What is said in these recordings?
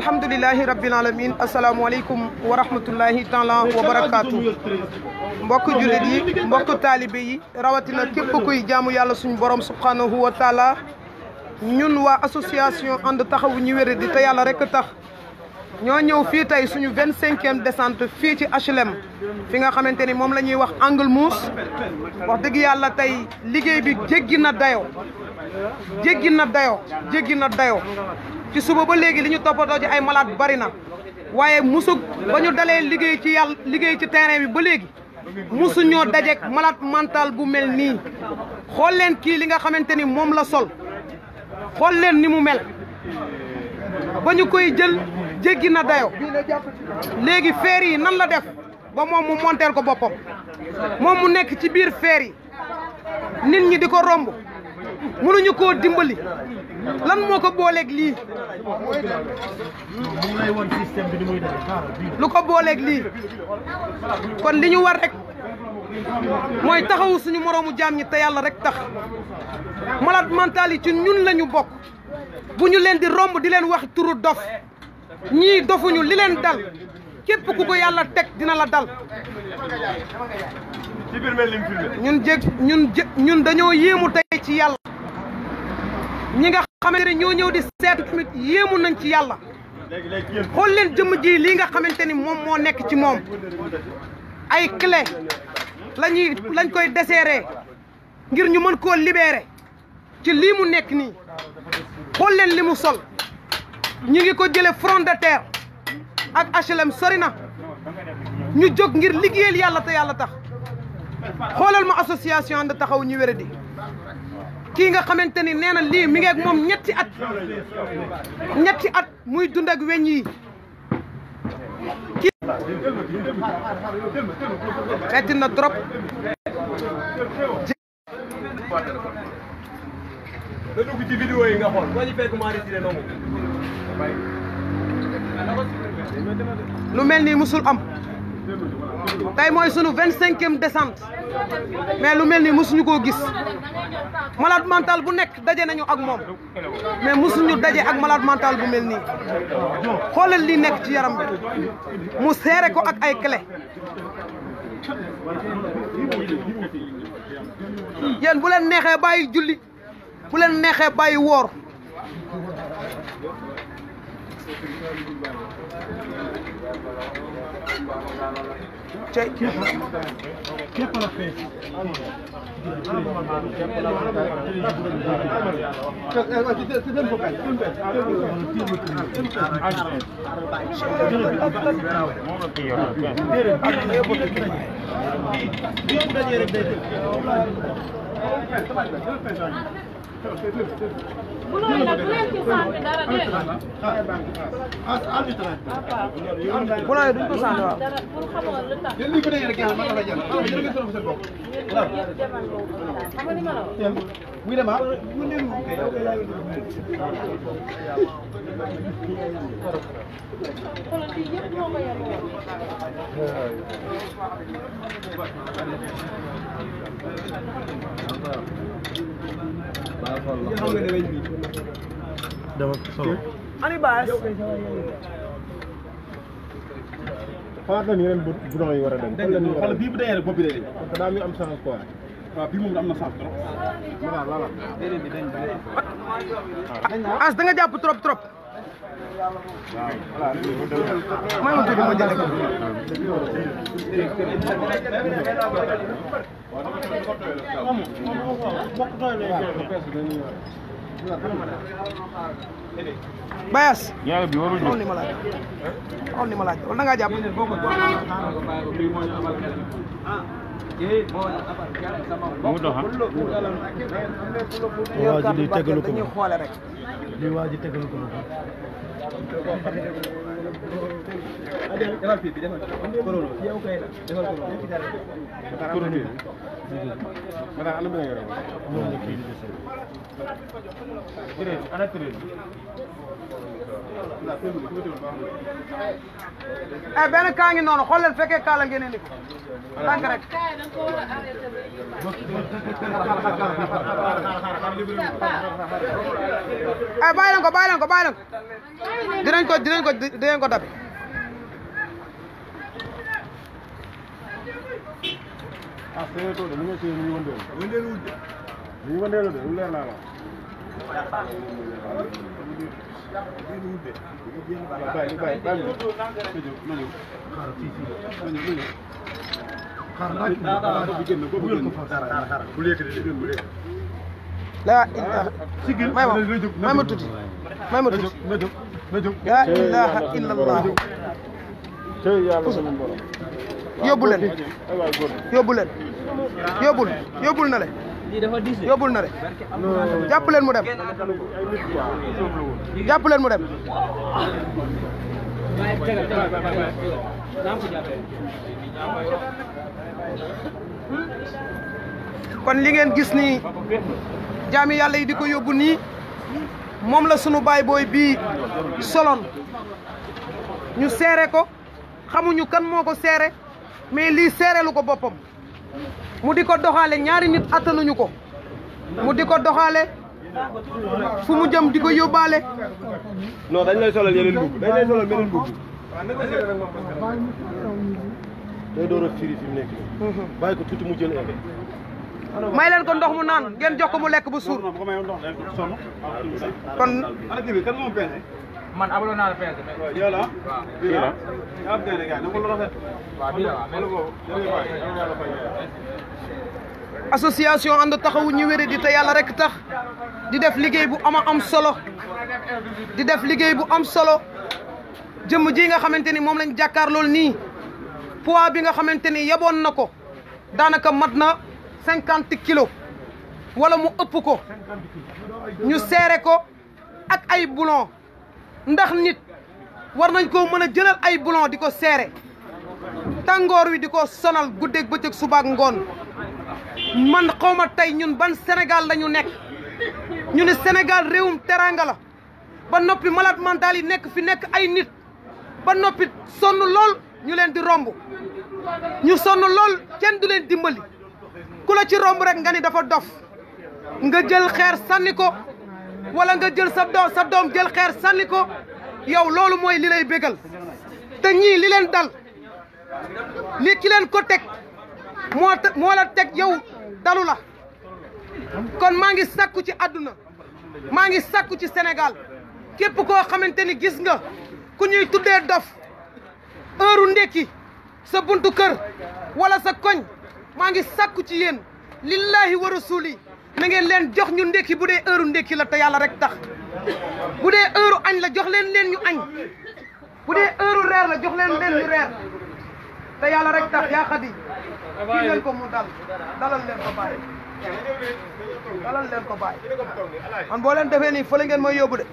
alhamdulilahi rabbil alamin asalaamualeykum wa rahmatullahi taala wa barakaatu mbokk jullit yi mbokk taalibe yi rawatina képp kuy jaamu yàlla suñu borom subhanahu wa taala ñun waa association ànd taxawu ñu wéré di te yàlla rek tax ñoo ñëw fii tey suñu vingt cinquième descente fii ci HLM fi nga xamante ni moom la ñuy wax Angle Mousse wax dëgg yàlla tey liggéey bi jéggi na dayoo jéggi na dayoo jéggi ci suba ba léegi li ñu toppatoo ci ay malade bari na waaye musu ba ñu dalee liggéey ci yàlla liggéey ci terrain bi ba léegi musu ñoo dajeek malade mental bu mel nii xool leen kii li nga xamante ni moom la sol xool leen ni mu mel ba ñu koy jël jéggi na dayo léegi feer yi nan la def ba moom mu ko boppam moom mu nekk ci biir feer yi nit ñi di ko romb mënuñu koo dimbali lan moo ko booleeg lii lu ko booleeg lii kon li ñu war rek mooy taxawu suñu moroomu jaam ñi te yàlla rek tax malade mental yi ci ñun la ñu bokk bu ñu leen di romb di leen wax turu dof ñii dofuñu li leen dal képp ku ko yàlla teg dina la dal ñun jég ñun jé ñun dañoo yéemu tey ci yàlla ñi nga xamante ni ñoo ñëw di seetu tamit yéemu nañ ci yàlla xool leen jëmm ji lii nga xamante ni moom moo nekk ci moom ay clé lañuy lañ koy deseeree ngir ñu mën koo libeere ci lii mu nekk nii xool leen li mu sol ñu ngi ko jële front de terre ak HLM sori na ñu jóg ngir liggéeyal yàlla te yàlla tax xoolal ma association ànd taxaw ñu wéradi kii nga xamante ni nee na lii mi ngi moom ñetti at ñetti at muy dund weñ yi kii metti na trop da yi nga xool mel ni musul am tey mooy sunu vingt cinquième descente mais lu mel ni mosuñu koo gis malade mental bu nekk daje nañu ak moom mais mosuñu daje ak malaat mental bu mel nii xoolal li nekk ci yaram bi mu seere ko ak ay clé yéen bu leen neexee bàyyi julli bu leen neexee bàyyi woor cey képp la fees Thank you. Bunun ile güvenki sanki dara değil. Buna yedin bu sanki var. Gelin bu ne yere gel. Bana da gel. Bana yere götürün bu sefer. Ama ne var? Bu ne var? Bu ne var? Politiği yapmamaya mı? dama solo. ani baas. xalaat nañu yeneen bouton yi war a dem. xoolal bii bu dee rek bopp bi dee. parce que daa muy am sens quoi. waaw bii moom am na sens trop. voilà voilà. as da nga jàpp trop trop. Bayas. ñaar bi warul ñu. ni ma laaj xool ni ma laaj wala nga jàpp. mu dox ah. waa ji di tegalu ko. di waa ji tegalu ko. defal fii bi defal corona bi yow kay la defal corona bi. corona bi. maanaam ana mën a yore woon. ana tërël. eh benn kaa ngi noonu xool leen fekk kaa la ngeen indi ko tànk rek eh bàyyi ko bàyyi leen ko bàyyi ko dinañ ko dinañ ko dinañ ko dab ah sëñ bàyyi bàyyi bàyyi ma ñëw ma ñëw ma ñëw ma ñëw ma ñëw ma laa ilaha illa allah yóbbu leen yóbbu leen yóbbul yóbbul na le yóbbul na de jàpp leen mu dem jàpp leen mu dem kon li ngeen gis ni jaami yàlla yi di ko yóbbu nii moom la sunu baay booy bi solon ñu seere ko xamuñu kan moo ko seere mais lii seerelu ko boppam mu di ko doxaale ñaari nit attanuñu ko mu di ko doxaale fu mu jëm di ko yóbbaale. noo dañ lay solal yeneen mbubb dañ lay solal beneen mbubb. day door a firi fi mu nekk bàyyi ko tuuti mu jël ebe. may leen ko ndox mu naan ngeen jox ko mu lekk bu suur. kon. man abaloon am déedéet gars dama la taxawu ñu wéré di yàlla rek tax di def liggéey bu ama am solo di def liggéey bu am solo jëmm ji nga xamante ni moom lañu jàkkaar lool nii poids bi nga xamante ni yeboon na ko daanaka mat na cinquante kilos wala mu ëpp ko ñu seere ko ak ay boulon ndax nit war nañ koo mën a jëlal ay boulon di ko seere tàngoor wi di ko sonal guddeeg bëccëg subaak ngoon man xawma tey ñun ban senegal lañu nekk ñu ne senegal réewum teranga la ba noppi malade mental yi nekk fi nekk ay nit ba noppi sonn lool ñu leen di romb ñu sonn lool kenn du leen dimbali ku la ci romb rek nga ni dafa dof nga jël xeer sànni ko wala nga jël sa doom sa doom jël xeer sànni ko yow loolu mooy li lay bégal te ñii li leen dal li ki leen ko teg moo moo la teg yow dalu la kon maa ngi sakku ci àdduna maa ngi sàkku ci senegal képp koo xamante ni gis nga ku ñuy tuddee dof heure ndekki sa buntu kër wala sa koñ maa ngi sàkku ci yéen lillahi wa rasuli na ngeen leen jox ñu ndekki bu dee heure ndekki la te yàlla rek tax bu dee heure añ la jox leen leen ñu añ bu dee heure reer la jox leen leen ñu reer te yàlla rek tax yaa xadi kii leen ko mu dal dalal leen ko bàyyi dalal leen ko bàyyi man boo leen defee nii fële ngeen mooy yóbbu de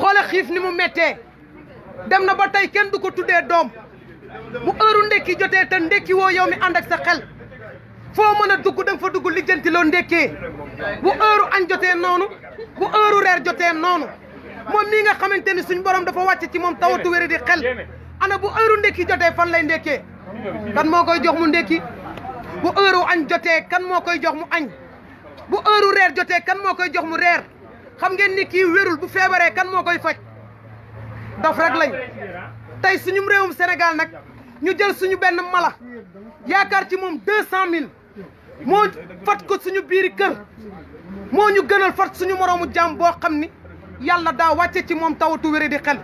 xoole xiif ni mu mettee dem na ba tey kenn du ko tuddee doom mu heure ndekki jotee te ndekki woo yow mi ànd ak sa xel foo mën a dugg da nga fa dugg lijjanti loo ndekkee bu heure añ jotee noonu bu heure reer jotee noonu moom mii nga xamante ni suñ borom dafa wàcce ci moom tawatu wéri di xel ana bu heure ndekki jotee fan lay ndekkee kan moo koy jox mu ndékki bu heure añ jotee kan moo koy jox mu añ bu heure reer jotee kan moo koy jox mu reer xam ngeen ni kii wérul bu feebaree kan moo koy faj daf rek lañ tey suñu réewum Sénégal nag ñu jël suñu benn mala yaakaar ci moom deux cent mille moo fat ko suñu biir kër moo ñu gënal fat suñu moroomu jaam boo xam ni yàlla daa wàcce ci moom tawatu wéré di xel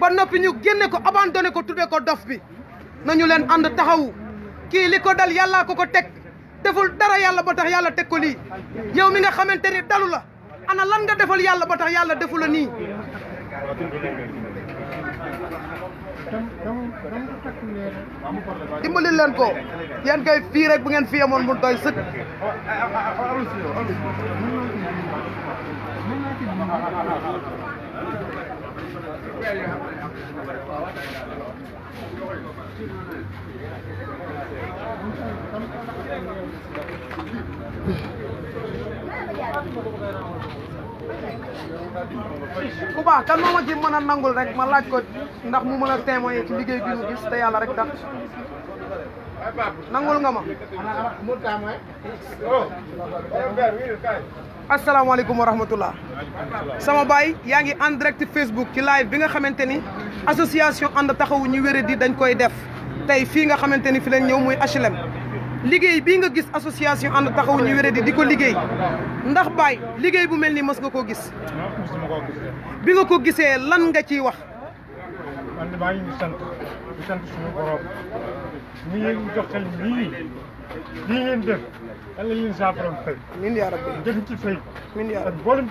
ba noppi ñu génne ko abandonné ko tuddee ko dof bi nañu leen ànd taxawu kii li ko dal yàllaa ko ko teg deful dara yàlla ba tax yàlla teg ko lii yow mi nga xamante ni dalu la ana lan nga defal yàlla ba tax yàlla defu la nii dimbali leen ko yéen rek bu ngeen fi yemoon mu doy sëkk ku baax kan moo ma ci mën a nangul rek ma laaj ko ndax mu mën a témoigner ci liggéey bi mu te yàlla rek tax nangul nga ma asalaamaaleykum wa rahmatullah sama baay yaa ngi en direct Facebook ci live bi nga xamante ni association ànd taxawu ñu wéré di dañ koy def tey fii nga xamante ni fi lañ ñëw muy HLM liggéey bii nga gis association ànd taxawu ñu wéré di di ko liggéey ndax baay liggéey bu mel ni mës nga koo gis. bi nga ko gisee lan nga ciy wax. man maa ngi sant di sant suñu ci fay. amiin yaa rabbi boolem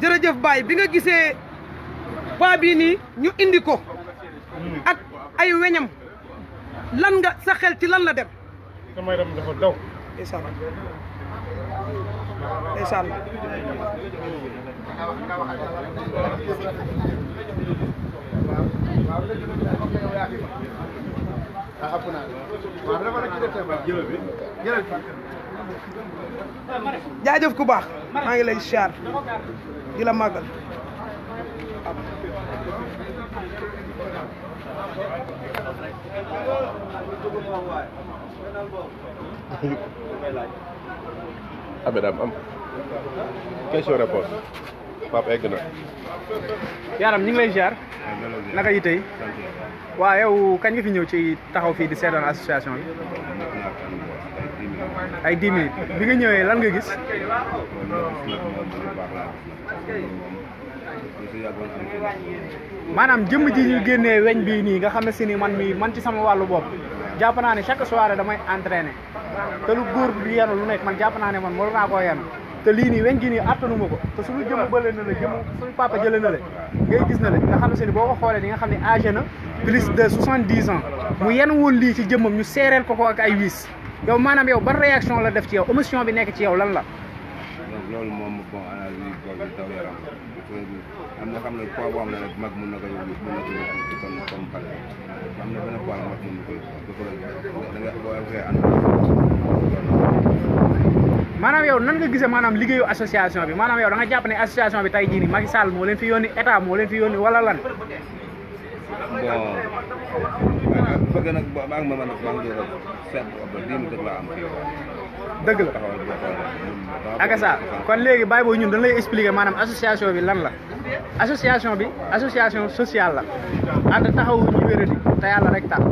jërëjëf baay bi nga gisee paa bi ni ñu indi ko. Hmm. ak ay weñam. lan nga sa ci lan la dem. sama yaram dafa daw. ndeysaan ndeysaan. ngi lay siyaar di la Abedam am question réponse Pape egg na. yaaram ñu ngi lay ziar. naka yi tey. waaw yow kañ nga fi ñëw ci taxaw fii di seetaan association bi. ay dix bi nga ñëwee lan nga gis. maanaam jëmm ji ñu génnee weñ bii nii nga xam ne si ni man mii man ci sama wàllu bopp jàpp naa ne chaque soirée damay entraîner te lu góor bi yenu lu nekk man jàpp naa ne man war naa koo yenu te lii nii weñ gi nii attanuma ko te suñu jëmm bële na la jëmm suñu papa jële na la ngay gis na la nga xam ne si ni boo ko xoolee di nga xam ne âgé na plus de soixante-dix ans mu yen woon lii ci jëmmam ñu seereel ko ko ak ay wiis yow maanaam yow ban réaction def ci yow émotion bi nekk ci yow lan la loolu moom bon analyse boobu daw yaram am na xam ne poids boo xam ne nag mag mun na ko mun na ko yóbbu comme comme xale am na benn poids mag mun na ko da nga boo waxee ànd maanaam yow nan nga liggéeyu association bi maanaam yow jàpp ne association bi tey jii nii Macky Sall moo leen fi yónni a dëgg la akasa kon léegi bàyyi boobu ñun dañ lay expliquer maanaam association bi lan la association bi association sociale la ànd taxawu ñu wéradi te yàlla rek tax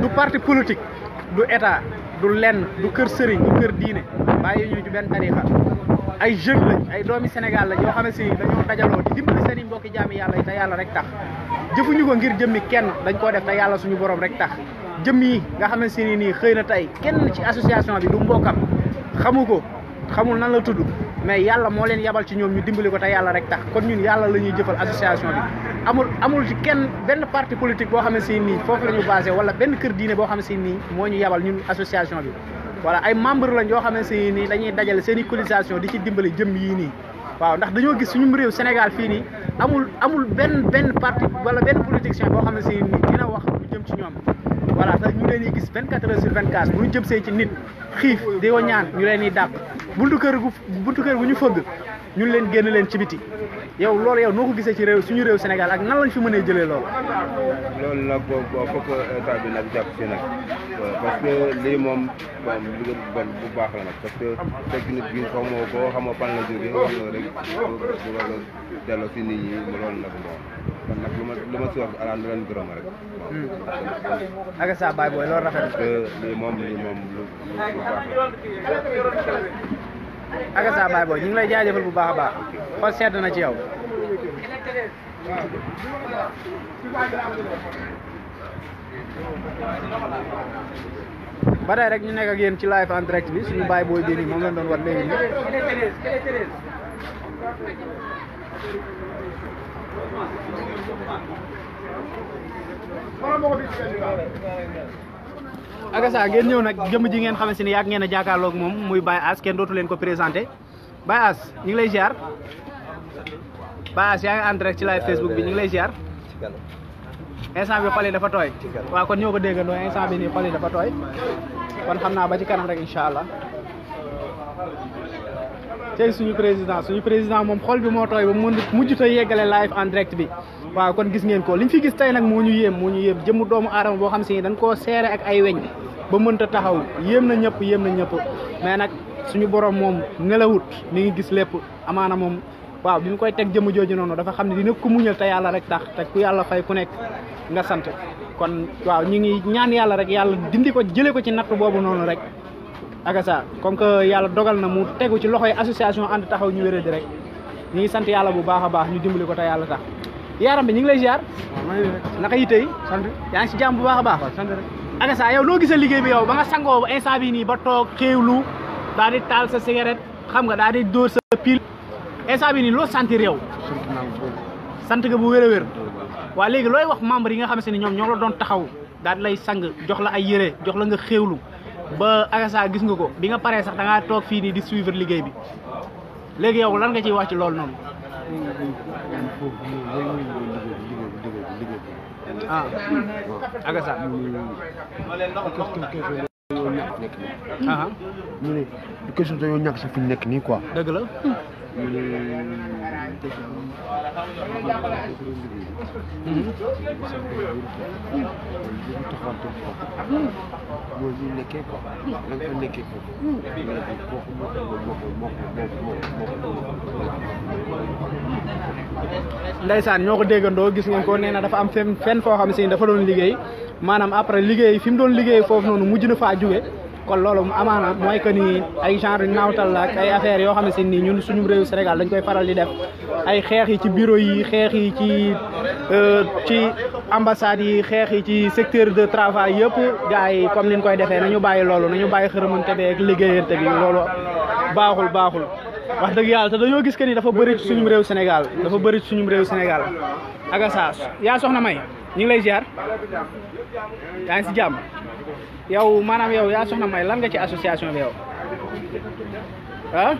du parti politique du état du len du kër sëriñ du kër diine bàyyi ñu ci benn tarixa ay jeunes lañ ay doomi Sénégal lañ yoo xam ne si dañoo dajaloo di dimbali seen i mbokki jaami yàlla yi te yàlla rek tax jëfuñu ko ngir jëmmi kenn dañ koo def te yàlla suñu borom rek tax jëmm yi nga xam ne si nii xëy na tey kenn ci association bi du mbokkam xamu ko xamul nan la tudd mais yàlla moo leen yabal ci ñoom ñu dimbali ko te yàlla rek tax kon ñun yàlla la ñuy jëfal association bi amul amul ci kenn benn parti politique boo xam ne si nii foofu la ñu basé wala benn kër diine boo xam ne si nii moo ñu yabal ñun association bi voilà ay lañ yoo xam ne si nii dañuy dajale seen i di ci dimbali jëm yii nii waaw ndax dañoo gis suñu réew Sénégal fii nii amul amul benn benn parti wala benn politicien boo xam ne si nii dina wax lu jëm ci ñoom moom la ñuy gis 24 heures sur 24 bu ñu jëm see ci nit xiif di ko ñu leen di buntu kër gu ñu fëgg ñun leen génn leen ci biti yow lool yow noo ko gisee ci réew suñu réew Sénégal ak nan lañ mën mënee jëlee loolu. loolu nag boo fokk état bi nag jàpp si nag euh, parce que lii moom lu bon bu baax la nag parce que technique bi xaw ma boo xamoo fan la jógee wax nga si nit ñi loolu nag bon lu ma lu ma si wax alhamdulilah leen gërëm rek. waaw. Hmm. ak sa baay booy loolu rafet na. parce que lii lu baax la. Agassa Baye Boy ñu ngi lay jaajëfal bu baax baax xol sedd na ci yow. rek ñu nekk ak ci live bi suñu Baye Boy bii Agassa ngeen ñëw nag jëmm ji ngeen xamante si ne yàgg ngeen a jàkkaarloog moom muy Baye Ass kenn dootu leen ko présenté Baye Ass ñu ngi lay ziar Baye Ass yaa ngi en direct ci live Facebook bi ñu ngi lay ziar instant bi xol dafa tooy waaw kon ñoo ko déggandoo instant bi nii xol yi dafa tooy kon xam naa ba ci kanam rek incha allah tey suñu président suñu président moom xool bi moo tooy ba mu mujj ta yeggale live en direct bi waaw kon gis ngeen ko liñ fi gis tey nag moo ñu yéem moo ñu yéem jëmu doomu aadama boo xam si ni dañ koo seere ak ay weñ ba mënta taxaw yéem na ñëpp yéem na ñëpp mais nag suñu borom moom nelawut mi ngi gis lépp amaana moom waaw bi mu koy teg jëmu jooju noonu dafa xam ne dina ko muñal te yàlla rek tax te ku yàlla fay ku nekk nga sant kon waaw ñu ngi ñaan yàlla rek yàlla dindi ko jëlee ko ci natt boobu noonu rek agasa comme que yàlla dogal na mu tegu ci loxoy association ànd taxaw ñu wéré di rek ñu ngi sant yàlla bu baaxa baax ñu dimbali ko te yàlla tax yaaram bi ñu ngi lay ziar. naka yi tey. sant yaa ngi si jàmm bu baax a baax. waaw sant rek. Agassa yow liggéey bi yow ba nga sangoo instant bi nii ba toog xéewlu daal di taal sa cigarette xam nga daal door sa pile instant bii nii loo sentir yow. sant nga bu wér a wér. waa léegi looy wax membre yi nga xamante ni ñoom ñoo la doon taxaw daal lay sang jox la ay yére jox la nga xéewlu ba Agassa gis nga ko bi nga paree sax da toog fii nii di suivre liggéey bi léegi yow la nga ciy wax ci loolu noonu. foofu moom mooy mooy ñu doon liggéey bi liggéey bi liggéey bi ah waaw agasa question dañoo ñàkk sa fi ñu nekk nii quoi dëgg la Ndeysaan ñoo ko déggandoo gis ngeen koo nee na dafa am fenn foo xam si dafa doon liggéey maanaam après liggéey fi mu doon liggéey foofu noonu mujj na faa jóge kon loolu amaana mooy que ni ay genre naawtal la ay affaires yoo xam ne si nii ñun suñu réew Sénégal dañ koy faral di def ay xeex yi ci bureau yi xeex yi ci euh, ci ambassades yi xeex yi ci secteur de travail yëpp gars yi comme niñ koy defee nañu bàyyi loolu nañu bàyyi xërëmante bi ak liggéeyante bi loolu baaxul baaxul wax dëgg yàlla te dañoo gis que ni dafa bëri suñu réew Sénégal dafa bëri suñu réew Sénégal Agassas yaa soxna May ñu ngi lay ziar yaa ngi si jàmm yow maanaam yow yaa soxna may lan nga ci association bi yow ah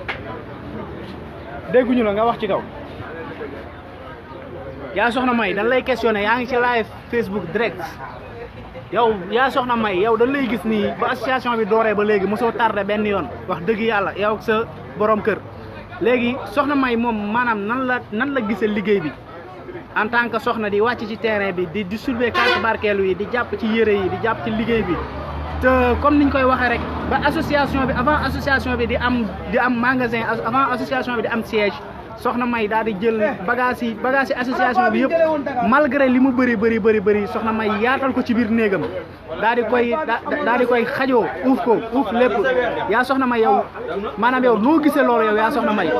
dégguñu la nga wax ci kaw yaa soxna may dañ lay questionné yaa ngi ci live Facebook direct yow yaa soxna may yow dañ lay gis nii ba association bi dooree ba léegi mosoo tardé benn yoon wax dëgg yàlla yow sa boroom kër léegi soxna may moom maanaam nan la nan la gisee liggéey bi en tant que soxna di wàcc ci terrain bi di distribuer carte barkeelu yi di jàpp ci yére yi di jàpp ci liggéey bi te comme niñ koy waxee rek ba association bi avant association bi di am di am magasin avant association bi di am siège soxna May daal di jël bagage yi bagage yi association bi yëpp malgré li mu bëri bëri bëri bëri soxna May yaatal ko ci biir néegam daal di koy daal di koy xajoo uuf ko uuf lépp yaa soxna May yow maanaam yow noo gisee loolu yow yaa soxna May.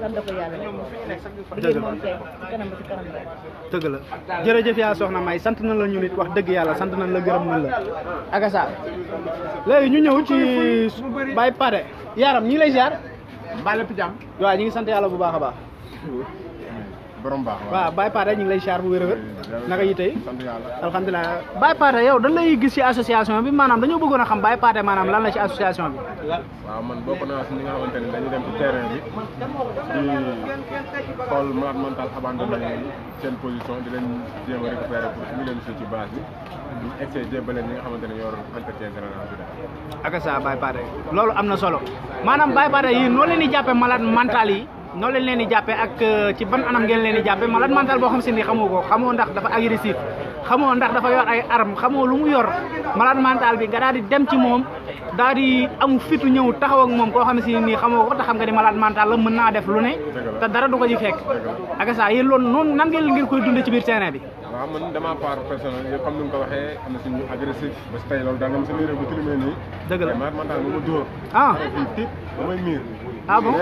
sant ko yàlla liggéey moom kay kanam ba ci kanam rek dëgg soxna May sant nañ la ñu nit wax dëgg yàlla sant nañ la gërëm nañ la akasa léegi ñu ñëw ci bay pare yaram ñi ngi lay ziar. bàyyi lépp jàmm waaw ñu ngi sant yàlla bu baax a baax borom baax waaw Baye Pathé ñu ngi lay siyaar bu a wér yi tey alhamdulilah Baye Pathé yow gis ci association bi maanaam dañoo bëggoon a xam Baye Pathé maanaam lan la a association bi waaw man bokk si ñi nga xamante ne dañuy ci terrain bi di xool malade mental abandonné seen position di leen jéem a récupérer ci base bi ñu egce jébaleen ñi nga xamante ne ñoo yor entretien général sa Baye Pathé loolu am na solo maanaam Baye yi noo leen di jàppe malade mental yi noo leen leen di jàppee ak euh, ci ban anam ngeen leen di jàppee malade boo xam si ni xamoo ko xamoo ndax dafa agressif xamoo ndax dafa yor ay arme xamoo lu mu yor malade mental bi nga daal di dem ci moom daal di am fitu ñëw taxaw ak moom koo xam si nii xamoo ko te xam nga ni malade mental la mën naa def lu ne te dara du ko ci fekk ak saa yéen loolu noonu nan ngeen ngeen koy dund ci biir terrain bi waaw man dama ko waxee am na suñu agressif ba si tey ah. ah bon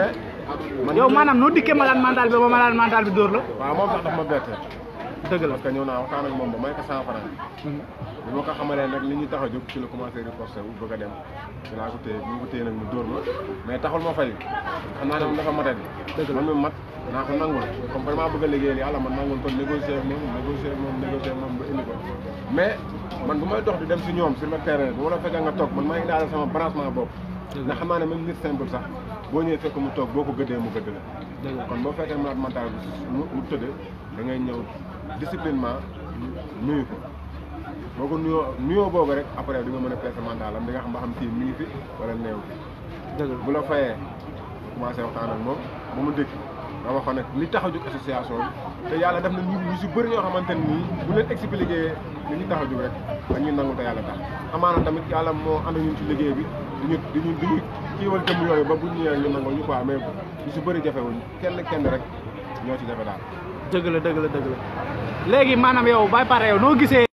yow maanaam noo dikkee malade mental bi ba bi dóor la. waaw moom sax daf ma bett. dëgg mhm. ma ko nag li ñu tax a jóg ci la commencé reporté wu bëgg a dem dinaa ko téye bu ñu ko téye nag mu dóor ma mais taxul ma fay xam naa la man mi mat naa ko nangul comme vraiment bëgg a liggéeyal yàlla man nangul kon négocier moom négocier moom ba indi ko mais man bu may dox di dem si ñoom sur le terrain bu ma la fekkee nga toog man maa daal sama branchement bopp. na xamaa ne même nit simple sax boo ñëwee fekk mu toog boo ko gëddee mu gëdd la kon boo fekkee malade mental mu tëdd da ngay ñëw disciplinement nuyu ko boo ko nuyoo nuyoo boobu rek après di nga mën a peese mentalam di nga xam ba xam kii mi ngi fi wala néew bu la fayee commencé waxtaan ak moom ba mu dégg nga waxoon nag li tax a jóg association bi te yàlla def na ñu ñu si bëri ñoo xamante nii bu leen expliqué li ñu tax a jóg rek dañuy nangu te yàlla tax amaana tamit yàlla moo ànd ñun ci liggéey bi duñu duñu duñu kiiwal jëm yooyu ba bu ñu ñëwee ñu nangoo ñu quoi mais ñu si bëri jafewul kenn kenn rek ñoo ci jafe daal. dëgg la dëgg la dëgg la léegi maanaam yow ba pare yow noo gisee.